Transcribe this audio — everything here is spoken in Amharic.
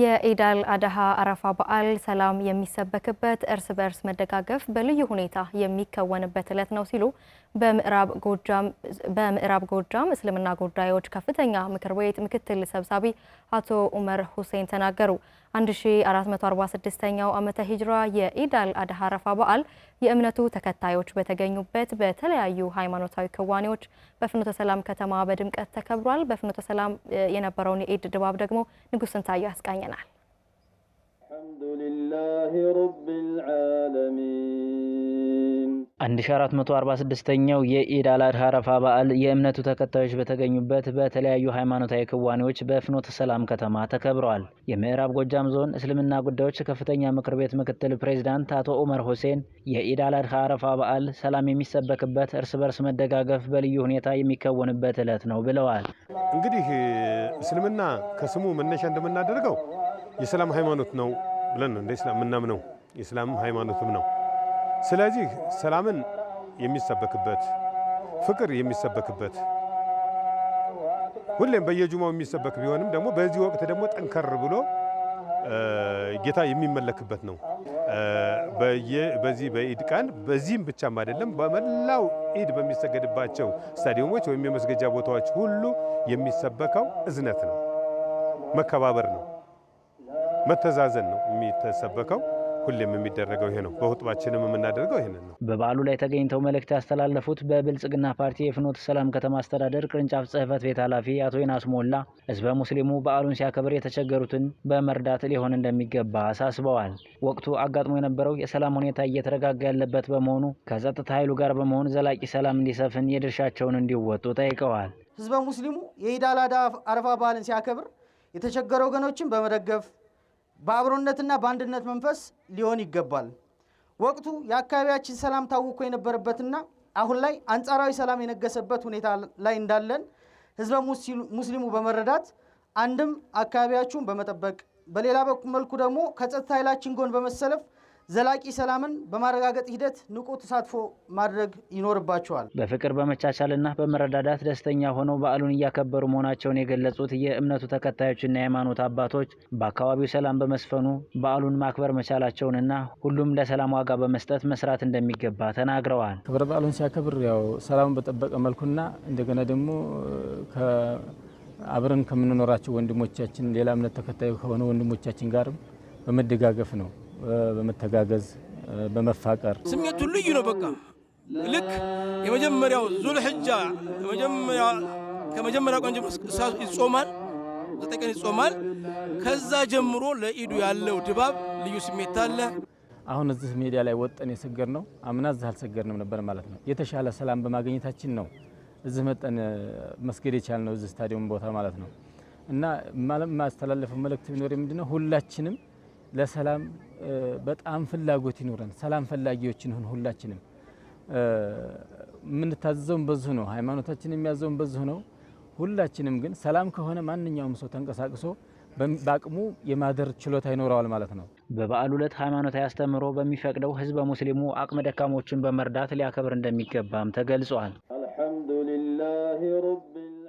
የኢዳል አድሃ አረፋ በዓል ሰላም የሚሰበክበት እርስ በእርስ መደጋገፍ በልዩ ሁኔታ የሚከወንበት ዕለት ነው ሲሉ በምዕራብ ጎጃም እስልምና ጉዳዮች ከፍተኛ ምክር ቤት ምክትል ሰብሳቢ አቶ ኡመር ሁሴን ተናገሩ። 1446ኛው ዓመተ ሂጅራ የኢዳል አድሃ አረፋ በዓል የእምነቱ ተከታዮች በተገኙበት በተለያዩ ሃይማኖታዊ ክዋኔዎች በፍኖተ ሰላም ከተማ በድምቀት ተከብሯል። በፍኖተ ሰላም የነበረውን የኢድ ድባብ ደግሞ ንጉስ ስንታየሁ ያስቃኘናል። አልሐምዱሊላሂ ረቢል ዓለሚን 1446ኛው የኢድ አል አድሃ አረፋ በዓል የእምነቱ ተከታዮች በተገኙበት በተለያዩ ሃይማኖታዊ ክዋኔዎች በፍኖተ ሰላም ከተማ ተከብረዋል። የምዕራብ ጎጃም ዞን እስልምና ጉዳዮች ከፍተኛ ምክር ቤት ምክትል ፕሬዚዳንት አቶ ኡመር ሁሴን የኢድ አል አድሃ አረፋ በዓል ሰላም የሚሰበክበት፣ እርስ በርስ መደጋገፍ በልዩ ሁኔታ የሚከወንበት ዕለት ነው ብለዋል። እንግዲህ እስልምና ከስሙ መነሻ እንደምናደርገው የሰላም ሃይማኖት ነው ብለን እንደ እስላም የምናምነው የሰላም ሃይማኖትም ነው ስለዚህ ሰላምን የሚሰበክበት ፍቅር የሚሰበክበት ሁሌም በየጁማው የሚሰበክ ቢሆንም ደግሞ በዚህ ወቅት ደግሞ ጠንከር ብሎ ጌታ የሚመለክበት ነው። በዚህ በኢድ ቀን በዚህም ብቻም አይደለም፣ በመላው ኢድ በሚሰገድባቸው ስታዲየሞች ወይም የመስገጃ ቦታዎች ሁሉ የሚሰበከው እዝነት ነው፣ መከባበር ነው፣ መተዛዘን ነው የሚተሰበከው። ሁሌም የሚደረገው ይሄ ነው። በሁጥባችንም የምናደርገው ይህንን ነው። በበዓሉ ላይ ተገኝተው መልእክት ያስተላለፉት በብልጽግና ፓርቲ የፍኖት ሰላም ከተማ አስተዳደር ቅርንጫፍ ጽህፈት ቤት ኃላፊ አቶ ይናስ ሞላ ህዝበ ሙስሊሙ በዓሉን ሲያከብር የተቸገሩትን በመርዳት ሊሆን እንደሚገባ አሳስበዋል። ወቅቱ አጋጥሞ የነበረው የሰላም ሁኔታ እየተረጋጋ ያለበት በመሆኑ ከጸጥታ ኃይሉ ጋር በመሆን ዘላቂ ሰላም እንዲሰፍን የድርሻቸውን እንዲወጡ ጠይቀዋል። ህዝበ ሙስሊሙ የኢድ አል አድሃ አረፋ በዓልን ሲያከብር የተቸገረ ወገኖችን በመደገፍ በአብሮነትና በአንድነት መንፈስ ሊሆን ይገባል። ወቅቱ የአካባቢያችን ሰላም ታውቆ የነበረበትና አሁን ላይ አንጻራዊ ሰላም የነገሰበት ሁኔታ ላይ እንዳለን ህዝበ ሙስሊሙ በመረዳት አንድም አካባቢያችሁን በመጠበቅ በሌላ በኩል መልኩ ደግሞ ከጸጥታ ኃይላችን ጎን በመሰለፍ ዘላቂ ሰላምን በማረጋገጥ ሂደት ንቁ ተሳትፎ ማድረግ ይኖርባቸዋል። በፍቅር በመቻቻልና በመረዳዳት ደስተኛ ሆነው በዓሉን እያከበሩ መሆናቸውን የገለጹት የእምነቱ ተከታዮችና የሃይማኖት አባቶች በአካባቢው ሰላም በመስፈኑ በዓሉን ማክበር መቻላቸውንና ሁሉም ለሰላም ዋጋ በመስጠት መስራት እንደሚገባ ተናግረዋል። ክብረ በዓሉን ሲያከብር ያው ሰላሙን በጠበቀ መልኩና እንደገና ደግሞ አብረን ከምንኖራቸው ወንድሞቻችን ሌላ እምነት ተከታዩ ከሆነ ወንድሞቻችን ጋርም በመደጋገፍ ነው በመተጋገዝ በመፋቀር ስሜቱ ልዩ ነው። በቃ ልክ የመጀመሪያው ዙል ሕጃ ከመጀመሪያ ቀን ጀምሮ ይጾማል፣ ዘጠኝ ቀን ይጾማል። ከዛ ጀምሮ ለኢዱ ያለው ድባብ ልዩ ስሜት አለ። አሁን እዚህ ሜዳ ላይ ወጠን የሰገር ነው። አምና እዚህ አልሰገርንም ነበር ማለት ነው። የተሻለ ሰላም በማግኘታችን ነው እዚህ መጠን መስገድ የቻል ነው እዚህ ስታዲየም ቦታ ማለት ነው። እና ማስተላለፈው መልእክት ቢኖር ምንድነው ሁላችንም ለሰላም በጣም ፍላጎት ይኑረን። ሰላም ፈላጊዎች እንሁን ሁላችንም። የምንታዘዘውን በዚሁ ነው። ሃይማኖታችን የሚያዘውን በዚሁ ነው። ሁላችንም ግን ሰላም ከሆነ ማንኛውም ሰው ተንቀሳቅሶ በአቅሙ የማደር ችሎታ ይኖረዋል ማለት ነው። በበዓሉ ዕለት ሃይማኖታዊ አስተምህሮ በሚፈቅደው ህዝበ ሙስሊሙ አቅመ ደካሞችን በመርዳት ሊያከብር እንደሚገባም ተገልጿል። አልሐምዱሊላህ